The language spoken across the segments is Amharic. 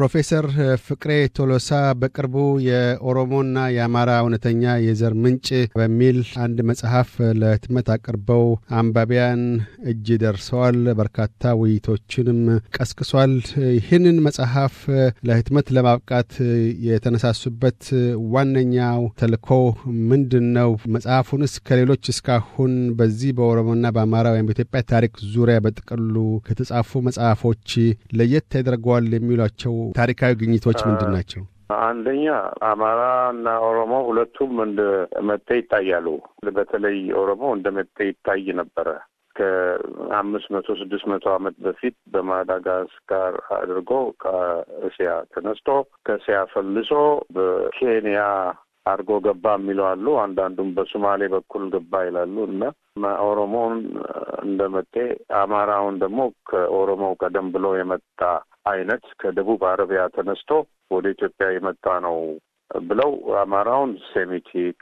ፕሮፌሰር ፍቅሬ ቶሎሳ በቅርቡ የኦሮሞና የአማራ እውነተኛ የዘር ምንጭ በሚል አንድ መጽሐፍ ለህትመት አቅርበው አንባቢያን እጅ ደርሰዋል። በርካታ ውይይቶችንም ቀስቅሷል። ይህንን መጽሐፍ ለህትመት ለማብቃት የተነሳሱበት ዋነኛው ተልእኮ ምንድን ነው? መጽሐፉንስ ከሌሎች እስካሁን በዚህ በኦሮሞና በአማራ ወይም በኢትዮጵያ ታሪክ ዙሪያ በጥቅሉ ከተጻፉ መጽሐፎች ለየት ያደርገዋል የሚሏቸው ታሪካዊ ግኝቶች ምንድን ናቸው? አንደኛ አማራ እና ኦሮሞ ሁለቱም እንደ መጤ ይታያሉ። በተለይ ኦሮሞ እንደ መጤ ይታይ ነበረ። ከአምስት መቶ ስድስት መቶ ዓመት በፊት በማዳጋስካር አድርጎ ከእስያ ተነስቶ ከእስያ ፈልሶ በኬንያ አድርጎ ገባ የሚለው አሉ። አንዳንዱም በሶማሌ በኩል ገባ ይላሉ እና ኦሮሞውን እንደመጤ አማራውን ደግሞ ከኦሮሞው ቀደም ብሎ የመጣ አይነት ከደቡብ አረቢያ ተነስቶ ወደ ኢትዮጵያ የመጣ ነው ብለው አማራውን ሴሚቲክ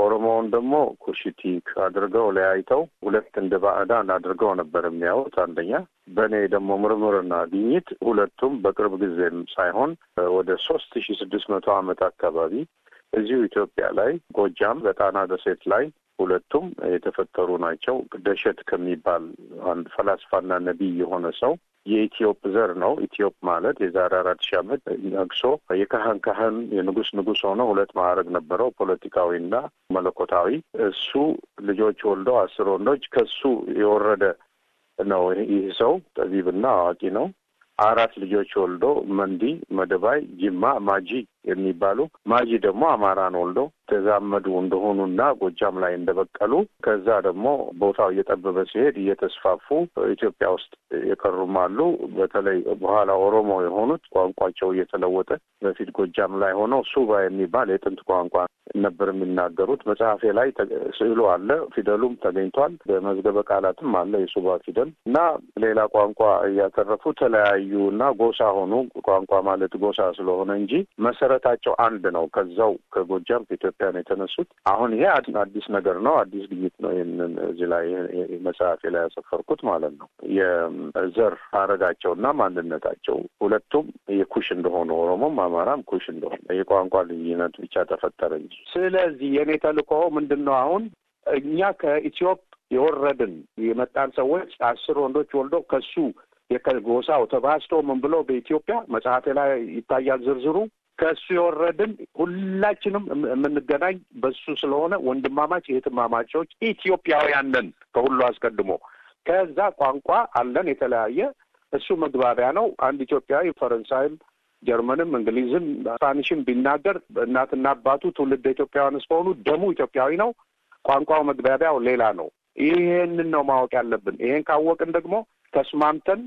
ኦሮሞውን ደግሞ ኩሽቲክ አድርገው ለያይተው ሁለት እንደ ባዕዳን አድርገው ነበር የሚያዩት። አንደኛ በእኔ ደግሞ ምርምርና ግኝት ሁለቱም በቅርብ ጊዜም ሳይሆን ወደ ሶስት ሺ ስድስት መቶ ዓመት አካባቢ እዚሁ ኢትዮጵያ ላይ ጎጃም በጣና ደሴት ላይ ሁለቱም የተፈጠሩ ናቸው። ደሸት ከሚባል አንድ ፈላስፋና ነቢይ የሆነ ሰው የኢትዮጵ ዘር ነው። ኢትዮጵ ማለት የዛሬ አራት ሺህ ዓመት ነግሶ የካህን ካህን የንጉስ ንጉስ ሆነ ሁለት ማዕረግ ነበረው፣ ፖለቲካዊና መለኮታዊ። እሱ ልጆች ወልዶ አስር ወንዶች ከሱ የወረደ ነው። ይህ ሰው ጠቢብና አዋቂ ነው። አራት ልጆች ወልዶ መንዲ፣ መደባይ፣ ጅማ፣ ማጂ የሚባሉ ማጂ ደግሞ አማራን ወልደው የተዛመዱ እንደሆኑና ጎጃም ላይ እንደበቀሉ ከዛ ደግሞ ቦታው እየጠበበ ሲሄድ እየተስፋፉ ኢትዮጵያ ውስጥ የቀሩም አሉ። በተለይ በኋላ ኦሮሞ የሆኑት ቋንቋቸው እየተለወጠ በፊት ጎጃም ላይ ሆነው ሱባ የሚባል የጥንት ቋንቋ ነበር የሚናገሩት። መጽሐፌ ላይ ስዕሉ አለ፣ ፊደሉም ተገኝቷል። በመዝገበ ቃላትም አለ የሱባ ፊደል እና ሌላ ቋንቋ እያተረፉ ተለያዩ እና ጎሳ ሆኑ። ቋንቋ ማለት ጎሳ ስለሆነ እንጂ መሰረታቸው አንድ ነው። ከዛው ከጎጃም ከኢትዮጵያ ኢትዮጵያ ነው የተነሱት። አሁን ይሄ አዲስ ነገር ነው፣ አዲስ ግኝት ነው። ይህንን እዚህ ላይ መጽሐፌ ላይ ያሰፈርኩት ማለት ነው። የዘር ሀረጋቸውና ማንነታቸው ሁለቱም የኩሽ እንደሆኑ ኦሮሞም አማራም ኩሽ እንደሆኑ የቋንቋ ልዩነት ብቻ ተፈጠረ እንጂ። ስለዚህ የእኔ ተልእኮ ምንድን ነው? አሁን እኛ ከኢትዮጵ የወረድን የመጣን ሰዎች አስር ወንዶች ወልዶ ከሱ የከጎሳው ተባስቶ ምን ብሎ በኢትዮጵያ መጽሐፌ ላይ ይታያል ዝርዝሩ ከእሱ የወረድን ሁላችንም የምንገናኝ በሱ ስለሆነ ወንድማማች የትማማቾች ኢትዮጵያውያን ነን። ከሁሉ አስቀድሞ ከዛ ቋንቋ አለን የተለያየ እሱ መግባቢያ ነው። አንድ ኢትዮጵያዊ ፈረንሳይም፣ ጀርመንም፣ እንግሊዝም ስፓኒሽም ቢናገር እናትና አባቱ ትውልድ ኢትዮጵያውያን እስከሆኑ ደሙ ኢትዮጵያዊ ነው። ቋንቋው መግባቢያው ሌላ ነው። ይሄንን ነው ማወቅ ያለብን። ይሄን ካወቅን ደግሞ ተስማምተን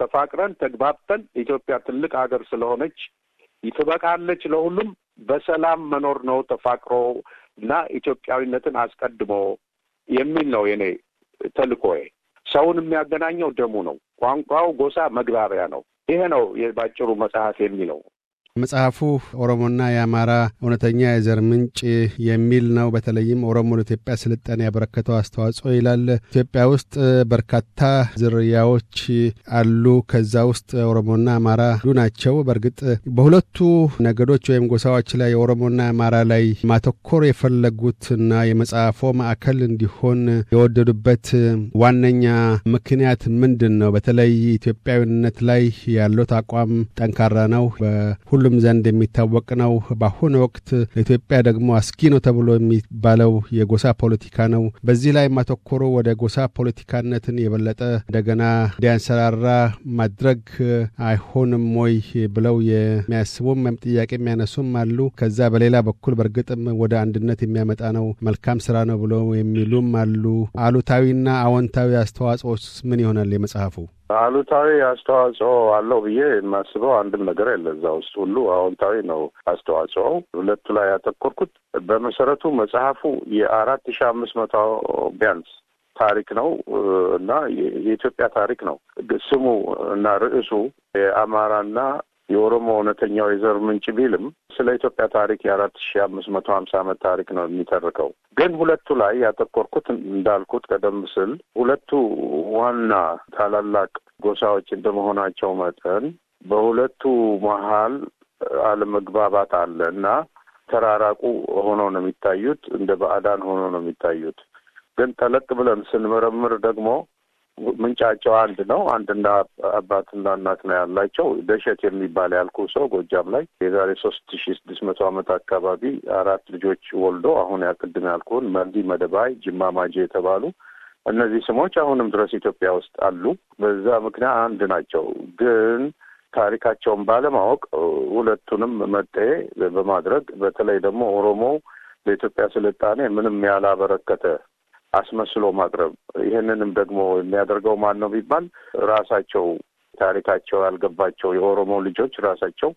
ተፋቅረን ተግባብተን ኢትዮጵያ ትልቅ ሀገር ስለሆነች ትበቃለች ለሁሉም በሰላም መኖር ነው ተፋቅሮ እና ኢትዮጵያዊነትን አስቀድሞ የሚል ነው የኔ ተልኮዬ ሰውን የሚያገናኘው ደሙ ነው። ቋንቋው፣ ጎሳ መግባቢያ ነው። ይሄ ነው የባጭሩ መጽሐፍ የሚለው መጽሐፉ ኦሮሞና የአማራ እውነተኛ የዘር ምንጭ የሚል ነው። በተለይም ኦሮሞ ለኢትዮጵያ ስልጣኔ ያበረከተው አስተዋጽኦ ይላል። ኢትዮጵያ ውስጥ በርካታ ዝርያዎች አሉ። ከዛ ውስጥ ኦሮሞና አማራ አንዱ ናቸው። በእርግጥ በሁለቱ ነገዶች ወይም ጎሳዎች ላይ ኦሮሞና አማራ ላይ ማተኮር የፈለጉትና የመጽሐፎ ማዕከል እንዲሆን የወደዱበት ዋነኛ ምክንያት ምንድን ነው? በተለይ ኢትዮጵያዊነት ላይ ያለት አቋም ጠንካራ ነው። በሁሉም ዘንድ የሚታወቅ ነው። በአሁኑ ወቅት ለኢትዮጵያ ደግሞ አስጊ ነው ተብሎ የሚባለው የጎሳ ፖለቲካ ነው። በዚህ ላይ ማተኮሩ ወደ ጎሳ ፖለቲካነትን የበለጠ እንደገና እንዲያንሰራራ ማድረግ አይሆንም ወይ ብለው የሚያስቡም ወይም ጥያቄ የሚያነሱም አሉ። ከዛ በሌላ በኩል በእርግጥም ወደ አንድነት የሚያመጣ ነው፣ መልካም ስራ ነው ብለው የሚሉም አሉ። አሉታዊና አዎንታዊ አስተዋጽኦስ ምን ይሆናል የመጽሐፉ? አሉታዊ አስተዋጽኦ አለው ብዬ የማስበው አንድም ነገር የለ። እዛ ውስጥ ሁሉ አዎንታዊ ነው አስተዋጽኦው። ሁለቱ ላይ ያተኮርኩት በመሰረቱ መጽሐፉ የአራት ሺ አምስት መቶ ቢያንስ ታሪክ ነው እና የኢትዮጵያ ታሪክ ነው። ስሙ እና ርዕሱ የአማራና የኦሮሞ እውነተኛው የዘር ምንጭ ቢልም ስለ ኢትዮጵያ ታሪክ የአራት ሺ አምስት መቶ ሀምሳ ዓመት ታሪክ ነው የሚተርከው። ግን ሁለቱ ላይ ያተኮርኩት እንዳልኩት ቀደም ስል ሁለቱ ዋና ታላላቅ ጎሳዎች እንደመሆናቸው መጠን በሁለቱ መሀል አለመግባባት አለ እና ተራራቁ ሆኖ ነው የሚታዩት፣ እንደ ባዕዳን ሆኖ ነው የሚታዩት። ግን ጠለቅ ብለን ስንመረምር ደግሞ ምንጫቸው አንድ ነው። አንድና አባትና እናት ነው ያላቸው። ደሸት የሚባል ያልኩ ሰው ጎጃም ላይ የዛሬ ሶስት ሺ ስድስት መቶ ዓመት አካባቢ አራት ልጆች ወልዶ አሁን ያቅድም ያልኩን መርዲ፣ መደባይ፣ ጅማ ማጄ የተባሉ እነዚህ ስሞች አሁንም ድረስ ኢትዮጵያ ውስጥ አሉ። በዛ ምክንያት አንድ ናቸው ግን ታሪካቸውን ባለማወቅ ሁለቱንም መጤ በማድረግ በተለይ ደግሞ ኦሮሞ ለኢትዮጵያ ስልጣኔ ምንም ያላበረከተ አስመስሎ ማቅረብ። ይህንንም ደግሞ የሚያደርገው ማን ነው ቢባል ራሳቸው ታሪካቸው ያልገባቸው የኦሮሞ ልጆች ራሳቸው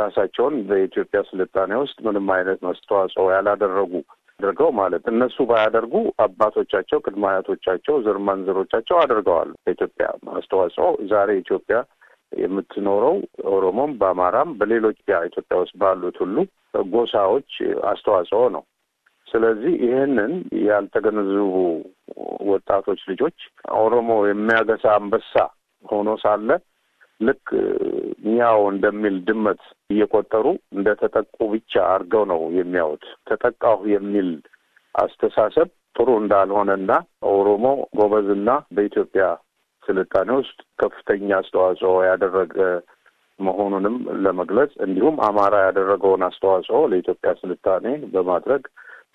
ራሳቸውን በኢትዮጵያ ስልጣኔ ውስጥ ምንም አይነት አስተዋጽኦ ያላደረጉ አድርገው ማለት እነሱ ባያደርጉ አባቶቻቸው፣ ቅድመ አያቶቻቸው፣ ዘር ማንዘሮቻቸው አድርገዋል። በኢትዮጵያ አስተዋጽኦ ዛሬ ኢትዮጵያ የምትኖረው ኦሮሞም በአማራም በሌሎች ኢትዮጵያ ውስጥ ባሉት ሁሉ ጎሳዎች አስተዋጽኦ ነው። ስለዚህ ይህንን ያልተገነዘቡ ወጣቶች ልጆች ኦሮሞ የሚያገሳ አንበሳ ሆኖ ሳለ ልክ ሚያው እንደሚል ድመት እየቆጠሩ እንደ ተጠቁ ብቻ አድርገው ነው የሚያዩት። ተጠቃሁ የሚል አስተሳሰብ ጥሩ እንዳልሆነና ኦሮሞ ጎበዝና በኢትዮጵያ ስልጣኔ ውስጥ ከፍተኛ አስተዋጽኦ ያደረገ መሆኑንም ለመግለጽ እንዲሁም አማራ ያደረገውን አስተዋጽኦ ለኢትዮጵያ ስልጣኔ በማድረግ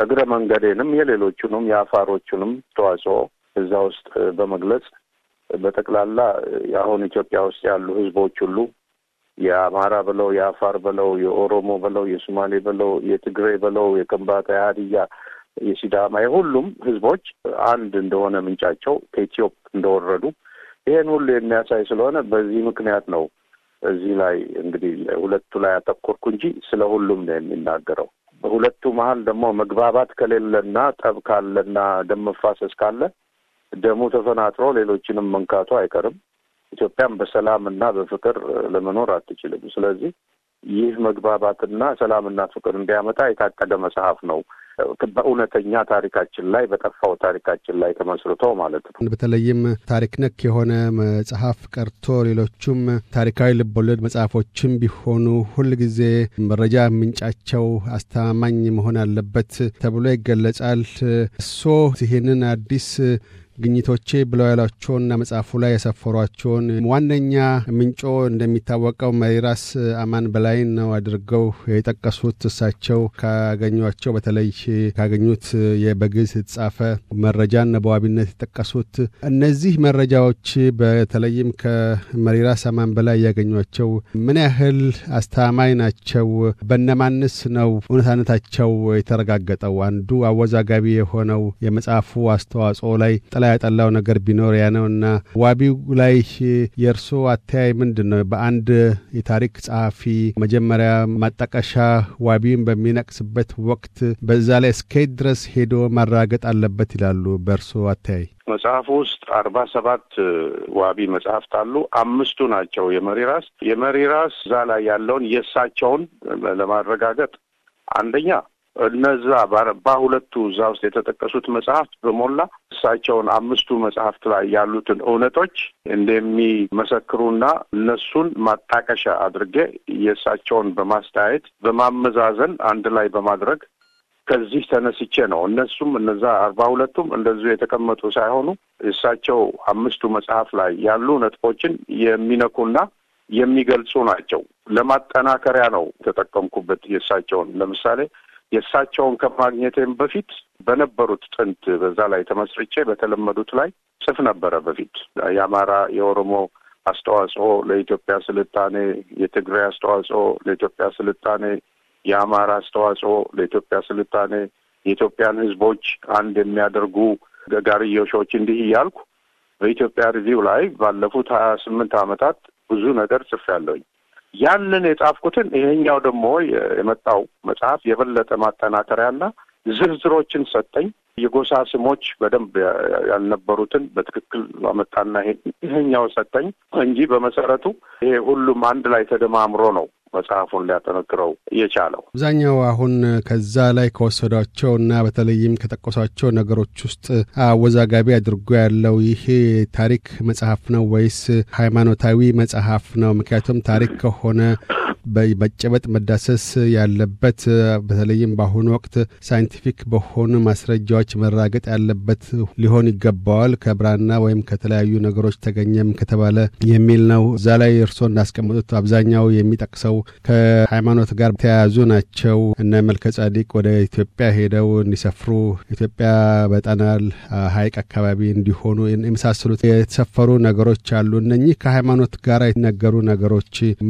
እግረ መንገዴንም የሌሎቹንም የአፋሮቹንም ተዋጽኦ እዛ ውስጥ በመግለጽ በጠቅላላ አሁን ኢትዮጵያ ውስጥ ያሉ ህዝቦች ሁሉ የአማራ ብለው የአፋር ብለው የኦሮሞ ብለው የሶማሌ ብለው የትግሬ ብለው የከምባታ የሀዲያ የሲዳማ የሁሉም ህዝቦች አንድ እንደሆነ ምንጫቸው ከኢትዮጵ እንደወረዱ ይሄን ሁሉ የሚያሳይ ስለሆነ በዚህ ምክንያት ነው እዚህ ላይ እንግዲህ ሁለቱ ላይ አተኮርኩ እንጂ ስለ ሁሉም ነው የሚናገረው። በሁለቱ መሀል ደግሞ መግባባት ከሌለና ጠብ ካለና ደም መፋሰስ ካለ ደሙ ተፈናጥሮ ሌሎችንም መንካቱ አይቀርም። ኢትዮጵያም በሰላም እና በፍቅር ለመኖር አትችልም። ስለዚህ ይህ መግባባትና ሰላምና ፍቅር እንዲያመጣ የታቀደ መጽሐፍ ነው። በእውነተኛ ታሪካችን ላይ በጠፋው ታሪካችን ላይ ተመስርቶ ማለት ነው። በተለይም ታሪክ ነክ የሆነ መጽሐፍ ቀርቶ ሌሎቹም ታሪካዊ ልቦለድ መጽሐፎችም ቢሆኑ ሁልጊዜ መረጃ ምንጫቸው አስተማማኝ መሆን አለበት ተብሎ ይገለጻል። እሶ ይህንን አዲስ ግኝቶቼ ብለው ያሏቸውና መጽሐፉ ላይ የሰፈሯቸውን ዋነኛ ምንጮ እንደሚታወቀው መሪራስ አማን በላይ ነው አድርገው የጠቀሱት። እሳቸው ካገኟቸው በተለይ ካገኙት በግዕዝ የተጻፈ መረጃን በዋቢነት የጠቀሱት። እነዚህ መረጃዎች በተለይም ከመሪራስ አማን በላይ ያገኟቸው ምን ያህል አስተማማኝ ናቸው? በነማንስ ነው እውነታነታቸው የተረጋገጠው? አንዱ አወዛጋቢ የሆነው የመጽሐፉ አስተዋጽኦ ላይ ጥላ ያጠላው ነገር ቢኖር ያ ነው እና ዋቢው ላይ የእርስዎ አተያይ ምንድን ነው? በአንድ የታሪክ ጸሐፊ መጀመሪያ ማጣቀሻ ዋቢውን በሚነቅስበት ወቅት በዛ ላይ እስከየት ድረስ ሄዶ ማራገጥ አለበት ይላሉ? በእርስዎ አተያይ መጽሐፍ ውስጥ አርባ ሰባት ዋቢ መጽሐፍት አሉ። አምስቱ ናቸው የመሪ ራስ የመሪ ራስ እዛ ላይ ያለውን የእሳቸውን ለማረጋገጥ አንደኛ እነዛ በሁለቱ እዛ ውስጥ የተጠቀሱት መጽሐፍት በሞላ እሳቸውን አምስቱ መጽሐፍት ላይ ያሉትን እውነቶች እንደሚመሰክሩና እነሱን ማጣቀሻ አድርጌ የእሳቸውን በማስተያየት በማመዛዘን አንድ ላይ በማድረግ ከዚህ ተነስቼ ነው። እነሱም እነዛ አርባ ሁለቱም እንደዚሁ የተቀመጡ ሳይሆኑ እሳቸው አምስቱ መጽሐፍ ላይ ያሉ ነጥቦችን የሚነኩና የሚገልጹ ናቸው። ለማጠናከሪያ ነው የተጠቀምኩበት የእሳቸውን ለምሳሌ የእሳቸውን ከማግኘቴም በፊት በነበሩት ጥንት በዛ ላይ ተመስርቼ በተለመዱት ላይ ጽፍ ነበረ። በፊት የአማራ የኦሮሞ አስተዋጽኦ ለኢትዮጵያ ስልጣኔ፣ የትግራይ አስተዋጽኦ ለኢትዮጵያ ስልጣኔ፣ የአማራ አስተዋጽኦ ለኢትዮጵያ ስልጣኔ፣ የኢትዮጵያን ሕዝቦች አንድ የሚያደርጉ ጋርዮሾች እንዲህ እያልኩ በኢትዮጵያ ሪቪው ላይ ባለፉት ሀያ ስምንት ዓመታት ብዙ ነገር ጽፌያለሁኝ። ያንን የጻፍኩትን ይሄኛው ደግሞ የመጣው መጽሐፍ የበለጠ ማጠናከሪያና ዝርዝሮችን ሰጠኝ። የጎሳ ስሞች በደንብ ያልነበሩትን በትክክል አመጣና ይሄኛው ሰጠኝ እንጂ በመሰረቱ ይሄ ሁሉም አንድ ላይ ተደማምሮ ነው መጽሐፉን ሊያጠነክረው የቻለው። አብዛኛው አሁን ከዛ ላይ ከወሰዷቸው እና በተለይም ከጠቀሷቸው ነገሮች ውስጥ አወዛጋቢ አድርጎ ያለው ይሄ ታሪክ መጽሐፍ ነው ወይስ ሃይማኖታዊ መጽሐፍ ነው? ምክንያቱም ታሪክ ከሆነ መጨበጥ መዳሰስ ያለበት በተለይም በአሁኑ ወቅት ሳይንቲፊክ በሆኑ ማስረጃዎች መራገጥ ያለበት ሊሆን ይገባዋል ከብራና ወይም ከተለያዩ ነገሮች ተገኘም ከተባለ የሚል ነው። እዛ ላይ እርስዎ እንዳስቀምጡት አብዛኛው የሚጠቅሰው ከሃይማኖት ጋር ተያያዙ ናቸው። እነ መልከ ጻዲቅ ወደ ኢትዮጵያ ሄደው እንዲሰፍሩ ኢትዮጵያ በጠናል ሐይቅ አካባቢ እንዲሆኑ የመሳሰሉት የተሰፈሩ ነገሮች አሉ። እነኚህ ከሃይማኖት ጋር የተነገሩ ነገሮች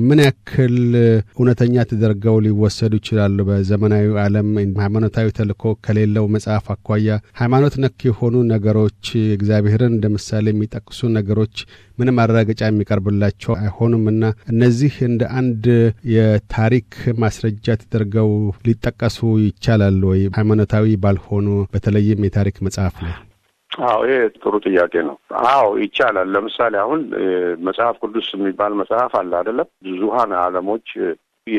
ምን ያክል እውነተኛ ተደርገው ሊወሰዱ ይችላሉ? በዘመናዊ ዓለም ሃይማኖታዊ ተልእኮ ከሌለው መጽሐፍ አኳያ ሃይማኖት ነክ የሆኑ ነገሮች እግዚአብሔርን እንደ ምሳሌ የሚጠቅሱ ነገሮች ምንም ማረጋገጫ የሚቀርብላቸው አይሆኑም እና እነዚህ እንደ አንድ የታሪክ ማስረጃ ተደርገው ሊጠቀሱ ይቻላል ወይ ሃይማኖታዊ ባልሆኑ በተለይም የታሪክ መጽሐፍ ላይ? አዎ ይህ ጥሩ ጥያቄ ነው። አዎ ይቻላል። ለምሳሌ አሁን መጽሐፍ ቅዱስ የሚባል መጽሐፍ አለ አይደለም? ብዙሀን አለሞች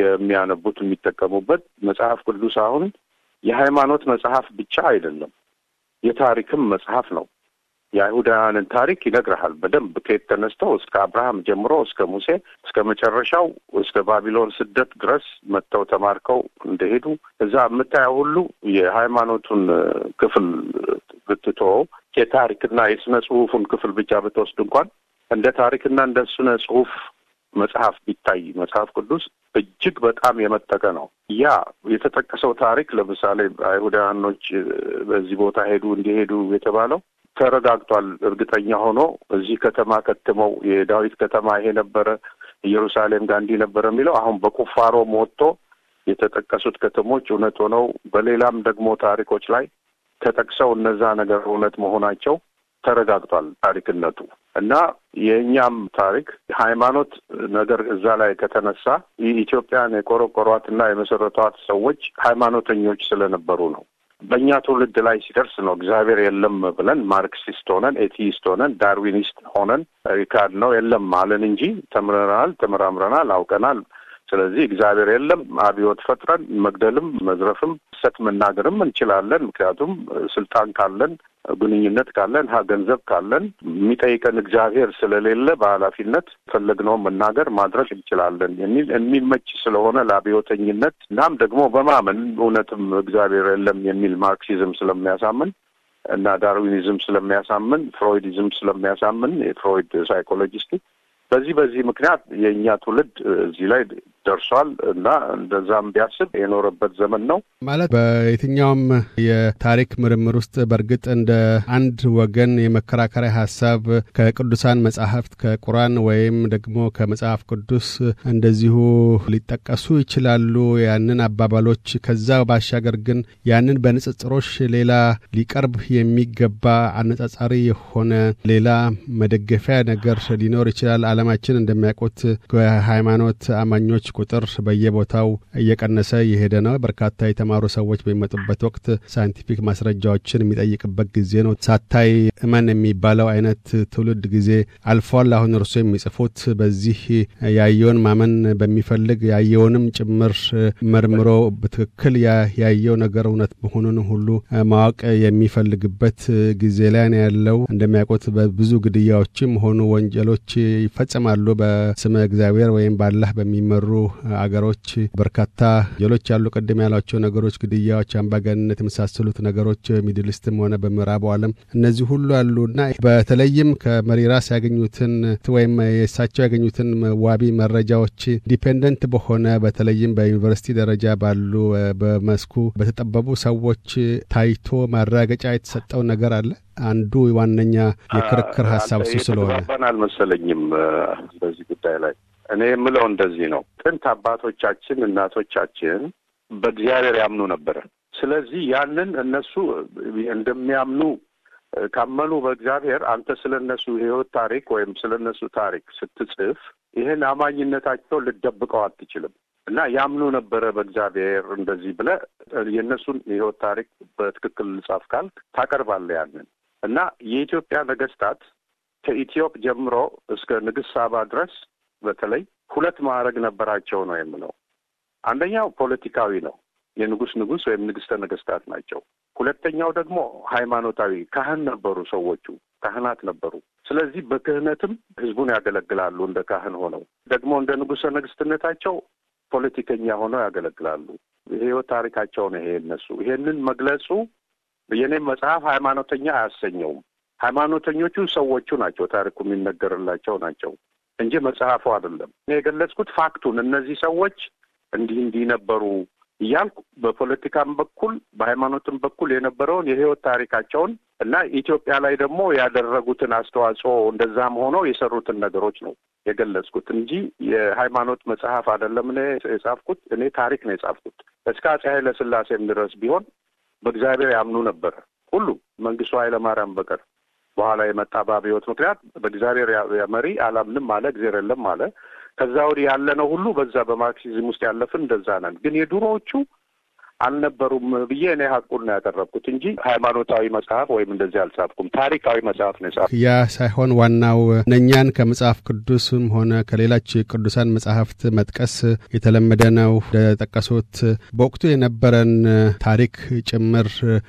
የሚያነቡት የሚጠቀሙበት መጽሐፍ ቅዱስ አሁን የሃይማኖት መጽሐፍ ብቻ አይደለም፣ የታሪክም መጽሐፍ ነው። የአይሁዳውያንን ታሪክ ይነግርሃል በደንብ ከየት ተነስተው እስከ አብርሃም ጀምሮ እስከ ሙሴ እስከ መጨረሻው እስከ ባቢሎን ስደት ድረስ መጥተው ተማርከው እንደሄዱ እዛ የምታየው ሁሉ የሃይማኖቱን ክፍል ብትቶ የታሪክና የስነ ጽሁፉን ክፍል ብቻ ብትወስድ እንኳን እንደ ታሪክና እንደ ስነ ጽሁፍ መጽሐፍ ቢታይ መጽሐፍ ቅዱስ እጅግ በጣም የመጠቀ ነው። ያ የተጠቀሰው ታሪክ ለምሳሌ አይሁዳኖች በዚህ ቦታ ሄዱ እንዲሄዱ የተባለው ተረጋግቷል እርግጠኛ ሆኖ እዚህ ከተማ ከትመው የዳዊት ከተማ ይሄ ነበረ፣ ኢየሩሳሌም ጋር እንዲህ ነበረ የሚለው አሁን በቁፋሮ ወጥቶ የተጠቀሱት ከተሞች እውነት ሆነው በሌላም ደግሞ ታሪኮች ላይ ተጠቅሰው እነዛ ነገር እውነት መሆናቸው ተረጋግጧል ታሪክነቱ እና የእኛም ታሪክ ሃይማኖት ነገር እዛ ላይ ከተነሳ ኢትዮጵያን የቆረቆሯትና የመሰረቷት ሰዎች ሃይማኖተኞች ስለነበሩ ነው። በእኛ ትውልድ ላይ ሲደርስ ነው እግዚአብሔር የለም ብለን ማርክሲስት ሆነን ኤቲስት ሆነን ዳርዊኒስት ሆነን ሪካርድ ነው የለም አለን እንጂ ተምረናል፣ ተመራምረናል፣ አውቀናል ስለዚህ እግዚአብሔር የለም አብዮት ፈጥረን መግደልም መዝረፍም ሰት መናገርም እንችላለን። ምክንያቱም ስልጣን ካለን ግንኙነት ካለን ገንዘብ ካለን የሚጠይቀን እግዚአብሔር ስለሌለ በኃላፊነት ፈለግነው መናገር ማድረግ እንችላለን የሚል የሚመች ስለሆነ ለአብዮተኝነት እናም ደግሞ በማመን እውነትም እግዚአብሔር የለም የሚል ማርክሲዝም ስለሚያሳምን እና ዳርዊኒዝም ስለሚያሳምን ፍሮይዲዝም ስለሚያሳምን የፍሮይድ ሳይኮሎጂስቱ በዚህ በዚህ ምክንያት የእኛ ትውልድ እዚህ ላይ ደርሷል እና እንደዛም ቢያስብ የኖረበት ዘመን ነው ማለት በየትኛውም የታሪክ ምርምር ውስጥ በእርግጥ እንደ አንድ ወገን የመከራከሪያ ሀሳብ ከቅዱሳን መጽሐፍት ከቁራን ወይም ደግሞ ከመጽሐፍ ቅዱስ እንደዚሁ ሊጠቀሱ ይችላሉ ያንን አባባሎች። ከዛ ባሻገር ግን ያንን በንጽጽሮች ሌላ ሊቀርብ የሚገባ አነጻጻሪ የሆነ ሌላ መደገፊያ ነገር ሊኖር ይችላል። አለማችን እንደሚያውቁት ሃይማኖት አማኞች ቁጥር በየቦታው እየቀነሰ የሄደ ነው። በርካታ የተማሩ ሰዎች በሚመጡበት ወቅት ሳይንቲፊክ ማስረጃዎችን የሚጠይቅበት ጊዜ ነው። ሳታይ እመን የሚባለው አይነት ትውልድ ጊዜ አልፏል። አሁን እርሶ የሚጽፉት በዚህ ያየውን ማመን በሚፈልግ ያየውንም ጭምር መርምሮ በትክክል ያየው ነገር እውነት መሆኑን ሁሉ ማወቅ የሚፈልግበት ጊዜ ላይ ነው ያለው። እንደሚያውቁት በብዙ ግድያዎችም ሆኑ ወንጀሎች ይፈጸማሉ በስመ እግዚአብሔር ወይም ባላህ በሚመሩ አገሮች በርካታ ጀሎች ያሉ ቅድም ያሏቸው ነገሮች፣ ግድያዎች፣ አምባገንነት የመሳሰሉት ነገሮች ሚድልስትም ሆነ በምዕራቡ ዓለም እነዚህ ሁሉ አሉ እና በተለይም ከመሪ ራስ ያገኙትን ወይም የእሳቸው ያገኙትን ዋቢ መረጃዎች ዲፔንደንት በሆነ በተለይም በዩኒቨርሲቲ ደረጃ ባሉ በመስኩ በተጠበቡ ሰዎች ታይቶ ማረጋገጫ የተሰጠው ነገር አለ። አንዱ ዋነኛ የክርክር ሀሳብ እሱ ስለሆነ አልመሰለኝም በዚህ ጉዳይ ላይ እኔ የምለው እንደዚህ ነው። ጥንት አባቶቻችን እናቶቻችን በእግዚአብሔር ያምኑ ነበረ። ስለዚህ ያንን እነሱ እንደሚያምኑ ካመኑ በእግዚአብሔር አንተ ስለ እነሱ ህይወት ታሪክ ወይም ስለ እነሱ ታሪክ ስትጽፍ ይህን አማኝነታቸው ልደብቀው አትችልም እና ያምኑ ነበረ በእግዚአብሔር እንደዚህ ብለ የእነሱን ህይወት ታሪክ በትክክል ልጻፍ ካል ታቀርባለ ያንን እና የኢትዮጵያ ነገስታት ከኢትዮጵ ጀምሮ እስከ ንግስት ሳባ ድረስ በተለይ ሁለት ማዕረግ ነበራቸው ነው የምለው። አንደኛው ፖለቲካዊ ነው። የንጉስ ንጉስ ወይም ንግስተ ነገስታት ናቸው። ሁለተኛው ደግሞ ሃይማኖታዊ ካህን ነበሩ። ሰዎቹ ካህናት ነበሩ። ስለዚህ በክህነትም ህዝቡን ያገለግላሉ። እንደ ካህን ሆነው ደግሞ እንደ ንጉሰ ነገስትነታቸው ፖለቲከኛ ሆነው ያገለግላሉ። የህይወት ታሪካቸው ነው ይሄ እነሱ ይሄንን መግለጹ የኔም መጽሐፍ ሃይማኖተኛ አያሰኘውም። ሃይማኖተኞቹ ሰዎቹ ናቸው። ታሪኩ የሚነገርላቸው ናቸው። እንጂ መጽሐፉ አይደለም። እኔ የገለጽኩት ፋክቱን እነዚህ ሰዎች እንዲህ እንዲህ ነበሩ እያልኩ በፖለቲካም በኩል በሃይማኖትም በኩል የነበረውን የህይወት ታሪካቸውን እና ኢትዮጵያ ላይ ደግሞ ያደረጉትን አስተዋጽኦ እንደዛም ሆኖ የሰሩትን ነገሮች ነው የገለጽኩት እንጂ የሃይማኖት መጽሐፍ አይደለም እኔ የጻፍኩት። እኔ ታሪክ ነው የጻፍኩት። እስከ አፄ ኃይለ ሥላሴም ድረስ ቢሆን በእግዚአብሔር ያምኑ ነበረ ሁሉ መንግስቱ ኃይለማርያም በቀር በኋላ የመጣ በአብዮት ምክንያት በዲዛይር መሪ አላምንም አለ፣ እግዜር የለም አለ። ከዛ ወዲህ ያለነው ሁሉ በዛ በማርክሲዝም ውስጥ ያለፍን እንደዛ ነን። ግን የድሮዎቹ አልነበሩም ብዬ እኔ ሀቁን ነው ያቀረብኩት እንጂ ሃይማኖታዊ መጽሐፍ ወይም እንደዚህ አልጻፍኩም። ታሪካዊ መጽሐፍ ነው የጻፍኩት። ያ ሳይሆን ዋናው እነኛን ከመጽሐፍ ቅዱስም ሆነ ከሌሎች ቅዱሳን መጽሐፍት መጥቀስ የተለመደ ነው። ለጠቀሱት በወቅቱ የነበረን ታሪክ ጭምር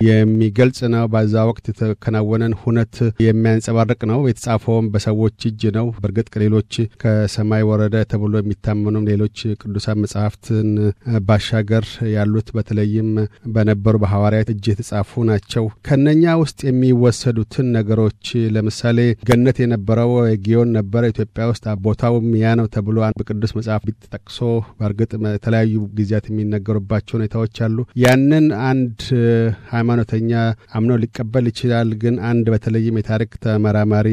የሚገልጽ ነው። በዛ ወቅት የተከናወነን ሁነት የሚያንጸባርቅ ነው። የተጻፈውም በሰዎች እጅ ነው። በእርግጥ ሌሎች ከሰማይ ወረደ ተብሎ የሚታመኑም ሌሎች ቅዱሳን መጽሐፍትን ባሻገር ያሉት በተለ በተለይም በነበሩ በሐዋርያት እጅ የተጻፉ ናቸው። ከነኛ ውስጥ የሚወሰዱትን ነገሮች ለምሳሌ ገነት የነበረው ጊዮን ነበረ ኢትዮጵያ ውስጥ ቦታውም ያ ነው ተብሎ በቅዱስ መጽሐፍ ተጠቅሶ በእርግጥ የተለያዩ ጊዜያት የሚነገሩባቸው ሁኔታዎች አሉ። ያንን አንድ ሃይማኖተኛ አምኖ ሊቀበል ይችላል። ግን አንድ በተለይም የታሪክ ተመራማሪ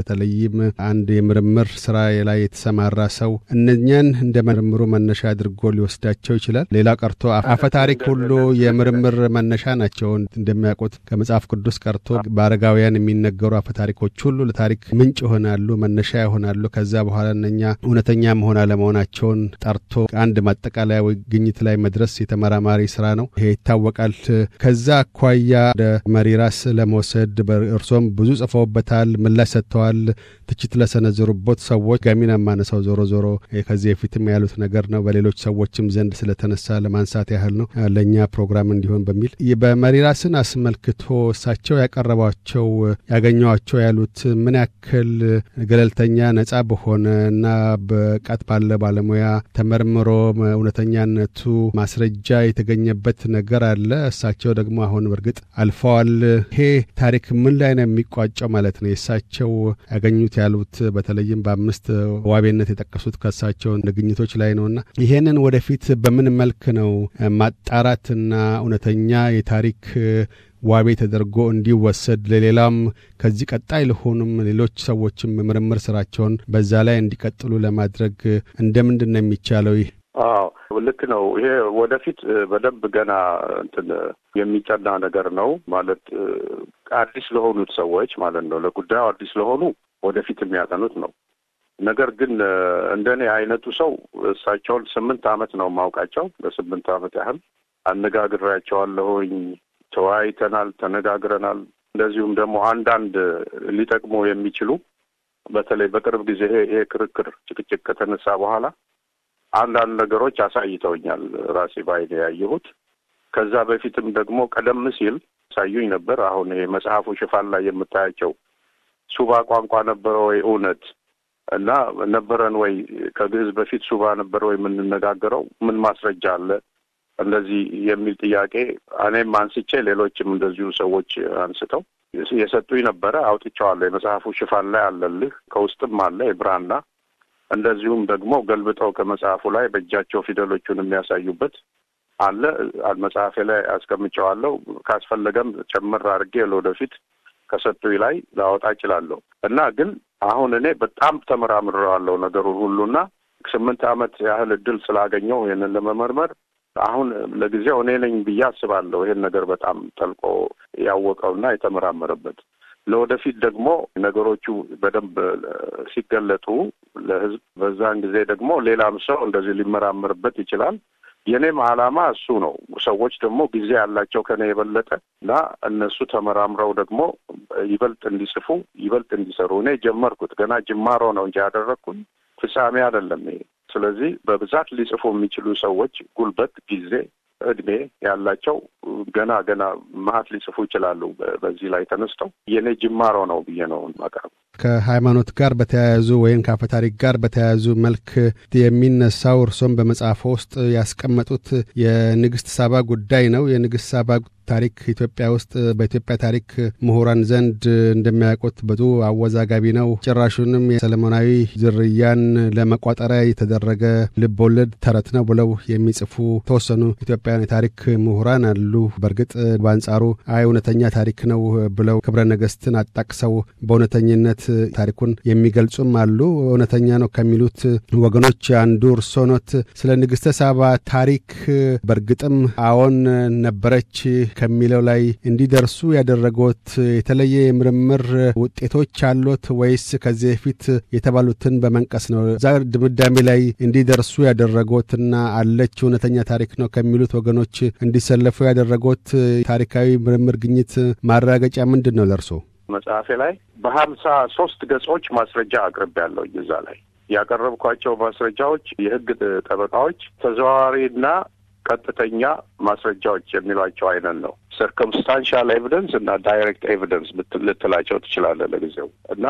በተለይም አንድ የምርምር ስራ ላይ የተሰማራ ሰው እነኛን እንደ ምርምሩ መነሻ አድርጎ ሊወስዳቸው ይችላል። ሌላ ቀርቶ አፈ ታሪክ ሁሉ የምርምር መነሻ ናቸው። እንደሚያውቁት ከመጽሐፍ ቅዱስ ቀርቶ በአረጋውያን የሚነገሩ አፈታሪኮች ሁሉ ለታሪክ ምንጭ ይሆናሉ፣ መነሻ ይሆናሉ። ከዛ በኋላ እነኛ እውነተኛ መሆን አለመሆናቸውን ጠርቶ አንድ ማጠቃለያ ግኝት ላይ መድረስ የተመራማሪ ስራ ነው። ይሄ ይታወቃል። ከዛ አኳያ ወደ መሪራስ ለመውሰድ እርሶም ብዙ ጽፈውበታል፣ ምላሽ ሰጥተዋል። ትችት ለሰነዘሩበት ሰዎች ጋሚን የማነሳው ዞሮ ዞሮ ከዚህ የፊትም ያሉት ነገር ነው። በሌሎች ሰዎችም ዘንድ ስለተነሳ ለማንሳት ያህል ነው። ለእኛ ፕሮግራም እንዲሆን በሚል በመሪራስን አስመልክቶ እሳቸው ያቀረቧቸው ያገኟቸው ያሉት ምን ያክል ገለልተኛ ነጻ በሆነ እና በቃት ባለ ባለሙያ ተመርምሮ እውነተኛነቱ ማስረጃ የተገኘበት ነገር አለ። እሳቸው ደግሞ አሁን በእርግጥ አልፈዋል። ይሄ ታሪክ ምን ላይ ነው የሚቋጨው ማለት ነው? የእሳቸው ያገኙት ያሉት በተለይም በአምስት ዋቤነት የጠቀሱት ከእሳቸው ግኝቶች ላይ ነውና ይሄንን ወደፊት በምን መልክ ነው ማጣራ አራትና እውነተኛ የታሪክ ዋቤ ተደርጎ እንዲወሰድ ለሌላም ከዚህ ቀጣይ ለሆኑም ሌሎች ሰዎችም ምርምር ስራቸውን በዛ ላይ እንዲቀጥሉ ለማድረግ እንደምንድን ነው የሚቻለው? ይህ አዎ ልክ ነው። ይሄ ወደፊት በደንብ ገና እንትን የሚጠና ነገር ነው ማለት አዲስ ለሆኑት ሰዎች ማለት ነው። ለጉዳዩ አዲስ ለሆኑ ወደፊት የሚያጠኑት ነው። ነገር ግን እንደኔ አይነቱ ሰው እሳቸውን ስምንት ዓመት ነው የማውቃቸው። ለስምንት ዓመት ያህል አነጋግሬያቸዋለሁኝ። ተወያይተናል፣ ተነጋግረናል። እንደዚሁም ደግሞ አንዳንድ ሊጠቅሙ የሚችሉ በተለይ በቅርብ ጊዜ ይሄ ክርክር ጭቅጭቅ ከተነሳ በኋላ አንዳንድ ነገሮች አሳይተውኛል፣ ራሴ ባይን ያየሁት። ከዛ በፊትም ደግሞ ቀደም ሲል ሳዩኝ ነበር። አሁን ይሄ መጽሐፉ ሽፋን ላይ የምታያቸው ሱባ ቋንቋ ነበረ ወይ እውነት እና ነበረን ወይ ከግዕዝ በፊት ሱባ ነበረ ወይ የምንነጋገረው ምን ማስረጃ አለ እንደዚህ የሚል ጥያቄ እኔም አንስቼ ሌሎችም እንደዚሁ ሰዎች አንስተው የሰጡኝ ነበረ። አውጥቼዋለሁ። የመጽሐፉ ሽፋን ላይ አለልህ፣ ከውስጥም አለ የብራና እንደዚሁም ደግሞ ገልብጠው ከመጽሐፉ ላይ በእጃቸው ፊደሎቹን የሚያሳዩበት አለ። መጽሐፌ ላይ አስቀምጨዋለሁ። ካስፈለገም ጨምር አድርጌ ለወደፊት ከሰጡኝ ላይ ላወጣ እችላለሁ እና ግን አሁን እኔ በጣም ተመራምሬዋለሁ ነገሩን ሁሉና ስምንት ዓመት ያህል እድል ስላገኘው ይህንን ለመመርመር አሁን ለጊዜው እኔ ነኝ ብዬ አስባለሁ። ይሄን ነገር በጣም ጠልቆ ያወቀውና የተመራመረበት ለወደፊት ደግሞ ነገሮቹ በደንብ ሲገለጡ ለህዝብ በዛን ጊዜ ደግሞ ሌላም ሰው እንደዚህ ሊመራመርበት ይችላል። የእኔም አላማ እሱ ነው። ሰዎች ደግሞ ጊዜ ያላቸው ከኔ የበለጠ እና እነሱ ተመራምረው ደግሞ ይበልጥ እንዲጽፉ ይበልጥ እንዲሰሩ እኔ ጀመርኩት። ገና ጅማሮ ነው እንጂ ያደረግኩኝ ፍጻሜ አይደለም ይሄ ስለዚህ በብዛት ሊጽፉ የሚችሉ ሰዎች ጉልበት፣ ጊዜ፣ እድሜ ያላቸው ገና ገና መሀት ሊጽፉ ይችላሉ። በዚህ ላይ ተነስተው የኔ ጅማሮ ነው ብዬ ነው ማቀርብ። ከሃይማኖት ጋር በተያያዙ ወይም ከአፈታሪክ ጋር በተያያዙ መልክ የሚነሳው እርሶም በመጽሐፎ ውስጥ ያስቀመጡት የንግስት ሳባ ጉዳይ ነው። የንግስት ሳባ ታሪክ ኢትዮጵያ ውስጥ በኢትዮጵያ ታሪክ ምሁራን ዘንድ እንደሚያውቁት ብዙ አወዛጋቢ ነው። ጭራሹንም የሰለሞናዊ ዝርያን ለመቋጠሪያ የተደረገ ልቦለድ ተረት ነው ብለው የሚጽፉ ተወሰኑ ኢትዮጵያውያን የታሪክ ምሁራን አሉ። በእርግጥ በአንጻሩ አይ እውነተኛ ታሪክ ነው ብለው ክብረ ነገስትን አጣቅሰው በእውነተኝነት ታሪኩን የሚገልጹም አሉ። እውነተኛ ነው ከሚሉት ወገኖች አንዱ እርሶ ኖት። ስለ ንግሥተ ሳባ ታሪክ በእርግጥም አዎን ነበረች ከሚለው ላይ እንዲደርሱ ያደረጉት የተለየ የምርምር ውጤቶች አሉት ወይስ ከዚህ በፊት የተባሉትን በመንቀስ ነው እዛ ድምዳሜ ላይ እንዲደርሱ ያደረጎትና አለች እውነተኛ ታሪክ ነው ከሚሉት ወገኖች እንዲሰለፉ ያደረጉት ታሪካዊ ምርምር ግኝት ማረጋገጫ ምንድን ነው ለእርሶ? መጽሐፌ ላይ በሀምሳ ሶስት ገጾች ማስረጃ አቅርብ ያለው እዛ ላይ ያቀረብኳቸው ማስረጃዎች የህግ ጠበቃዎች ተዘዋዋሪና ቀጥተኛ ማስረጃዎች የሚሏቸው አይነት ነው። ሰርከምስታንሻል ኤቪደንስ እና ዳይሬክት ኤቪደንስ ልትላቸው ትችላለህ ለጊዜው እና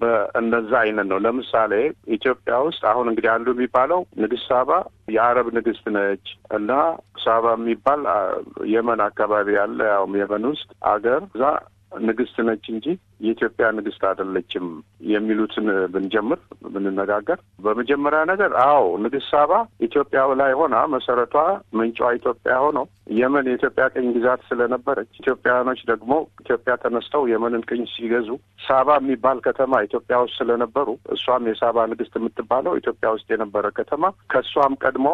በእነዛ አይነት ነው። ለምሳሌ ኢትዮጵያ ውስጥ አሁን እንግዲህ አንዱ የሚባለው ንግስት ሳባ የአረብ ንግስት ነች እና ሳባ የሚባል የመን አካባቢ ያለ ያውም የመን ውስጥ አገር እዛ ንግስት ነች እንጂ የኢትዮጵያ ንግስት አይደለችም የሚሉትን ብንጀምር ብንነጋገር፣ በመጀመሪያ ነገር አዎ ንግስት ሳባ ኢትዮጵያ ላይ ሆና መሰረቷ ምንጯ ኢትዮጵያ ሆኖ የመን የኢትዮጵያ ቅኝ ግዛት ስለነበረች ኢትዮጵያውያኖች ደግሞ ኢትዮጵያ ተነስተው የመንን ቅኝ ሲገዙ ሳባ የሚባል ከተማ ኢትዮጵያ ውስጥ ስለነበሩ እሷም የሳባ ንግስት የምትባለው ኢትዮጵያ ውስጥ የነበረ ከተማ ከእሷም ቀድሞ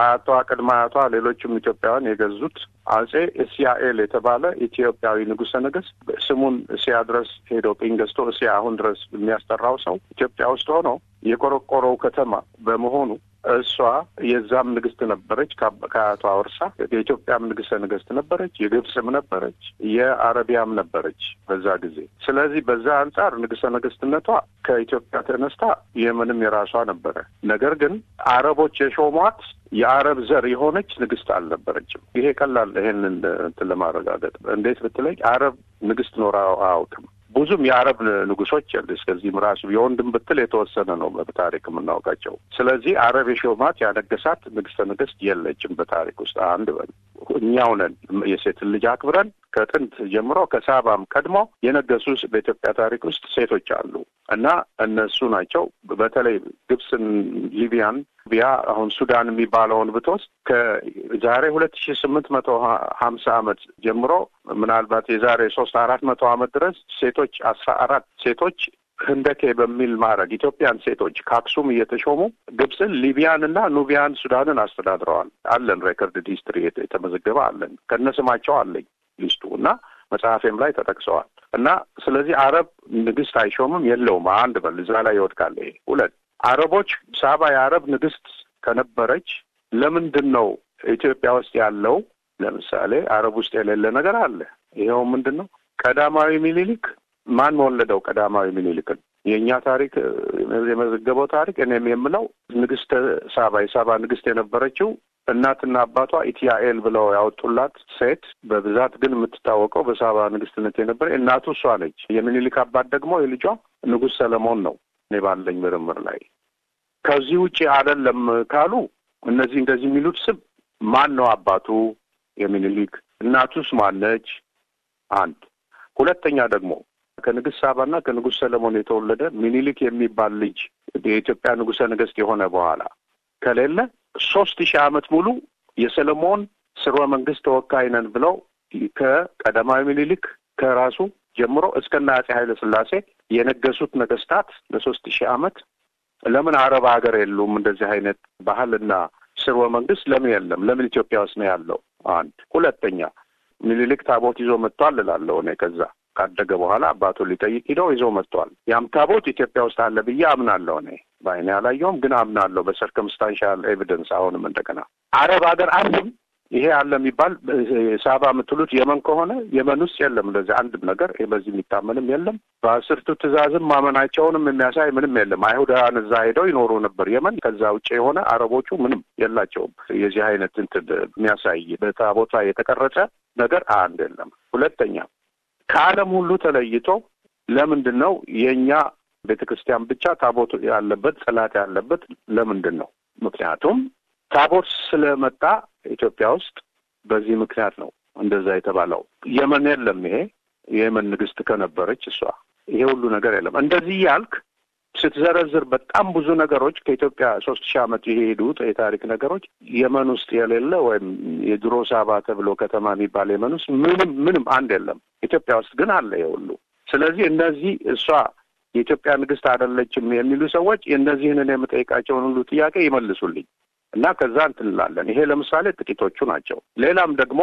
አያቷ ቅድመ አያቷ ሌሎችም ኢትዮጵያውያን የገዙት አጼ እስያኤል የተባለ ኢትዮጵያዊ ንጉሰ ነገስት ስሙን ሲያድረስ ሄዶ ቅኝ ገዝቶ እስያ አሁን ድረስ የሚያስጠራው ሰው ኢትዮጵያ ውስጥ ሆኖ የቆረቆረው ከተማ በመሆኑ እሷ የዛም ንግስት ነበረች። ከአቶ ወርሳ የኢትዮጵያም ንግስተ ንግስት ነበረች፣ የግብፅም ነበረች፣ የአረቢያም ነበረች በዛ ጊዜ። ስለዚህ በዛ አንጻር ንግስተ ነገስትነቷ ከኢትዮጵያ ተነስታ የምንም የራሷ ነበረ። ነገር ግን አረቦች የሾሟት የአረብ ዘር የሆነች ንግስት አልነበረችም። ይሄ ቀላል ይሄንን እንትን ለማረጋገጥ እንዴት ብትለኝ አረብ ንግስት ኖራ አያውቅም። ብዙም የአረብ ንጉሶች ያሉ እስከዚህም ራሱ የወንድም ብትል የተወሰነ ነው በታሪክ የምናውቃቸው። ስለዚህ አረብ የሾማት ያነገሳት ንግስተ ንግስት የለችም በታሪክ ውስጥ አንድ በል እኛው ነን የሴትን ልጅ አክብረን ከጥንት ጀምሮ ከሳባም ቀድሞ የነገሱ በኢትዮጵያ ታሪክ ውስጥ ሴቶች አሉ እና እነሱ ናቸው በተለይ ግብፅን፣ ሊቢያን ሊቢያ አሁን ሱዳን የሚባለውን ብትወስድ ከዛሬ ሁለት ሺ ስምንት መቶ ሀምሳ አመት ጀምሮ ምናልባት የዛሬ ሶስት አራት መቶ አመት ድረስ ሴቶች አስራ አራት ሴቶች ህንደኬ በሚል ማድረግ ኢትዮጵያን ሴቶች ከአክሱም እየተሾሙ ግብፅን፣ ሊቢያን እና ኑቢያን ሱዳንን አስተዳድረዋል። አለን ሬከርድ ሂስትሪ የተመዘገበ አለን። ከነስማቸው አለኝ ሊስቱ እና መጽሐፌም ላይ ተጠቅሰዋል። እና ስለዚህ አረብ ንግስት አይሾምም የለውም። አንድ በል እዛ ላይ ይወድቃል። ይሄ ሁለት አረቦች ሳባ የአረብ ንግስት ከነበረች ለምንድን ነው ኢትዮጵያ ውስጥ ያለው ለምሳሌ አረብ ውስጥ የሌለ ነገር አለ? ይኸው ምንድን ነው ቀዳማዊ ሚኒሊክ ማን ወለደው? ቀዳማዊ ሚኒሊክን የእኛ ታሪክ የመዘገበው ታሪክ እኔም የምለው ንግስተ ሳባ የሳባ ንግስት የነበረችው እናትና አባቷ ኢትያኤል ብለው ያወጡላት ሴት በብዛት ግን የምትታወቀው በሳባ ንግስትነት የነበረ እናቱ እሷ ነች። የሚኒሊክ አባት ደግሞ የልጇ ንጉስ ሰለሞን ነው። እኔ ባለኝ ምርምር ላይ ከዚህ ውጭ አይደለም ካሉ እነዚህ እንደዚህ የሚሉት ስም ማን ነው አባቱ የሚኒሊክ እናቱስ ማነች? አንድ ሁለተኛ ደግሞ ከንጉሥ ሳባና ከንጉስ ሰለሞን የተወለደ ሚኒሊክ የሚባል ልጅ የኢትዮጵያ ንጉሰ ነገስት የሆነ በኋላ ከሌለ ሶስት ሺህ ዓመት ሙሉ የሰለሞን ስርወ መንግስት ተወካይ ነን ብለው ከቀዳማዊ ሚኒሊክ ከራሱ ጀምሮ እስከና አጼ ኃይለ ስላሴ የነገሱት ነገስታት ለሶስት ሺህ ዓመት ለምን አረብ ሀገር የሉም? እንደዚህ አይነት ባህልና ስርወ መንግስት ለምን የለም? ለምን ኢትዮጵያ ውስጥ ነው ያለው? አንድ ሁለተኛ፣ ምኒልክ ታቦት ይዞ መጥቷል እላለሁ እኔ። ከዛ ካደገ በኋላ አባቱ ሊጠይቅ ሂደው ይዞ መጥቷል። ያም ታቦት ኢትዮጵያ ውስጥ አለ ብዬ አምናለሁ እኔ። በአይኔ አላየሁም፣ ግን አምናለሁ በሰርከምስታንሻል ኤቪደንስ። አሁንም እንደገና አረብ ሀገር አለም ይሄ አለ የሚባል ሳባ የምትሉት የመን ከሆነ የመን ውስጥ የለም እንደዚህ አንድም ነገር በዚህ የሚታመንም የለም። በአስርቱ ትእዛዝም ማመናቸውንም የሚያሳይ ምንም የለም። አይሁዳ እዛ ሄደው ይኖሩ ነበር የመን። ከዛ ውጭ የሆነ አረቦቹ ምንም የላቸውም። የዚህ አይነት እንትን የሚያሳይ በታቦት ላይ የተቀረጸ ነገር አንድ የለም። ሁለተኛ ከዓለም ሁሉ ተለይቶ ለምንድን ነው የእኛ ቤተ ክርስቲያን ብቻ ታቦት ያለበት ጽላት ያለበት ለምንድን ነው? ምክንያቱም ታቦር ስለመጣ ኢትዮጵያ ውስጥ በዚህ ምክንያት ነው እንደዛ የተባለው። የመን የለም ይሄ የየመን ንግስት ከነበረች እሷ ይሄ ሁሉ ነገር የለም። እንደዚህ ያልክ ስትዘረዝር በጣም ብዙ ነገሮች ከኢትዮጵያ ሶስት ሺህ ዓመት የሄዱት የታሪክ ነገሮች የመን ውስጥ የሌለ ወይም የድሮ ሳባ ተብሎ ከተማ የሚባል የመን ውስጥ ምንም ምንም አንድ የለም። ኢትዮጵያ ውስጥ ግን አለ ይሄ ሁሉ። ስለዚህ እነዚህ እሷ የኢትዮጵያ ንግስት አይደለችም የሚሉ ሰዎች እነዚህን የምጠይቃቸውን ሁሉ ጥያቄ ይመልሱልኝ። እና ከዛ እንትን ይሄ ለምሳሌ ጥቂቶቹ ናቸው። ሌላም ደግሞ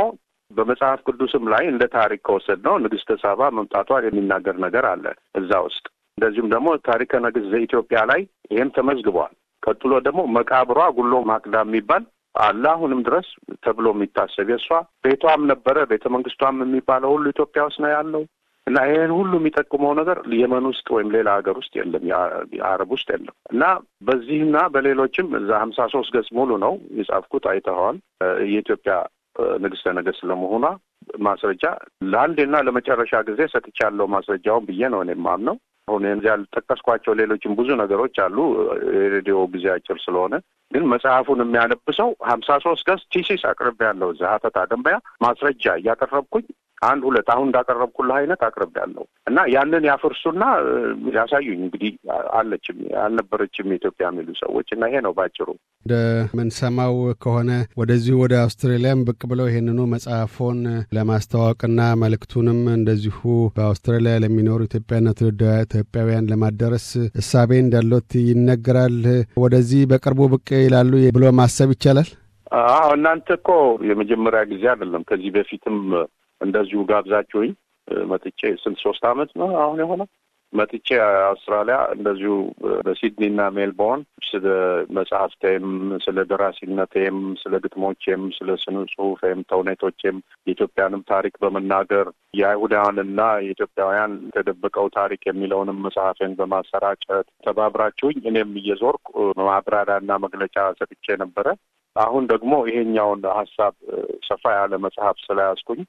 በመጽሐፍ ቅዱስም ላይ እንደ ታሪክ ከወሰድ ነው ሳባ መምጣቷን የሚናገር ነገር አለ እዛ ውስጥ። እንደዚሁም ደግሞ ታሪከ ነገሥት ዘኢትዮጵያ ላይ ይህም ተመዝግበዋል። ቀጥሎ ደግሞ መቃብሯ ጉሎ ማቅዳ የሚባል አለ አሁንም ድረስ ተብሎ የሚታሰብ የእሷ ቤቷም ነበረ ቤተ መንግስቷም የሚባለው ሁሉ ኢትዮጵያ ውስጥ ነው ያለው። እና ይህን ሁሉ የሚጠቁመው ነገር የመን ውስጥ ወይም ሌላ ሀገር ውስጥ የለም፣ የአረብ ውስጥ የለም። እና በዚህና በሌሎችም እዛ ሀምሳ ሶስት ገጽ ሙሉ ነው የጻፍኩት። አይተኸዋል። የኢትዮጵያ ንግስተ ነገስት ለመሆኗ ማስረጃ ለአንዴና ለመጨረሻ ጊዜ ሰጥቻለሁ ማስረጃውን ብዬ ነው እኔ የማምነው። አሁን ያልጠቀስኳቸው ሌሎችም ብዙ ነገሮች አሉ። የሬዲዮ ጊዜ አጭር ስለሆነ ግን መጽሐፉን የሚያለብሰው ሀምሳ ሶስት ገጽ ቲሲስ አቅርቤ ያለው እዛ ሀተታ ደንበያ ማስረጃ እያቀረብኩኝ አንድ ሁለት አሁን እንዳቀረብኩልህ አይነት አቅርብ ያለው እና ያንን ያፈርሱና ያሳዩኝ። እንግዲህ አለችም አልነበረችም ኢትዮጵያ የሚሉ ሰዎች እና ይሄ ነው ባጭሩ። እንደምንሰማው ከሆነ ወደዚሁ ወደ አውስትራሊያም ብቅ ብለው ይህንኑ መጽሐፎን ለማስተዋወቅና መልእክቱንም እንደዚሁ በአውስትራሊያ ለሚኖሩ ኢትዮጵያና ትውልደ ኢትዮጵያውያን ለማዳረስ እሳቤ እንዳለት ይነገራል። ወደዚህ በቅርቡ ብቅ ይላሉ ብሎ ማሰብ ይቻላል? አዎ እናንተ እኮ የመጀመሪያ ጊዜ አይደለም። ከዚህ በፊትም እንደዚሁ ጋብዛችሁኝ መጥቼ ስንት ሶስት አመት ነው አሁን የሆነ መጥቼ አውስትራሊያ እንደዚሁ በሲድኒና ሜልቦርን ስለ መጽሐፍቴም፣ ስለ ደራሲነቴም፣ ስለ ግጥሞቼም፣ ስለ ስነ ጽሁፌም፣ ተውኔቶቼም የኢትዮጵያንም ታሪክ በመናገር የአይሁዳውያንና የኢትዮጵያውያን የተደበቀው ታሪክ የሚለውንም መጽሐፌን በማሰራጨት ተባብራችሁኝ እኔም እየዞርኩ ማብራሪያና መግለጫ ሰጥቼ ነበረ። አሁን ደግሞ ይሄኛውን ሀሳብ ሰፋ ያለ መጽሐፍ ስለያዝኩኝ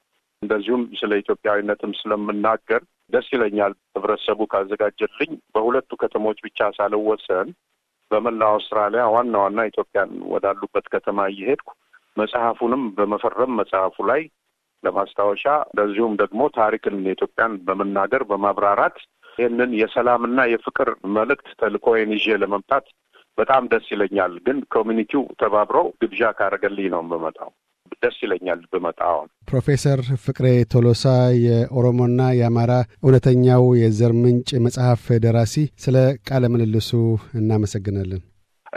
እንደዚሁም ስለ ኢትዮጵያዊነትም ስለምናገር ደስ ይለኛል። ህብረተሰቡ ካዘጋጀልኝ በሁለቱ ከተሞች ብቻ ሳልወሰን በመላው አውስትራሊያ ዋና ዋና ኢትዮጵያን ወዳሉበት ከተማ እየሄድኩ መጽሐፉንም በመፈረም መጽሐፉ ላይ ለማስታወሻ እንደዚሁም ደግሞ ታሪክን ኢትዮጵያን በመናገር በማብራራት ይህንን የሰላምና የፍቅር መልእክት ተልእኮዬን ይዤ ለመምጣት በጣም ደስ ይለኛል። ግን ኮሚኒቲው ተባብረው ግብዣ ካደረገልኝ ነው የምመጣው። ደስ ይለኛል ብመጣ። አሁን ፕሮፌሰር ፍቅሬ ቶሎሳ የኦሮሞና የአማራ እውነተኛው የዘር ምንጭ መጽሐፍ ደራሲ፣ ስለ ቃለ ምልልሱ እናመሰግናለን።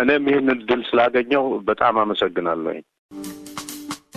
እኔም ይህን እድል ስላገኘው በጣም አመሰግናለሁ።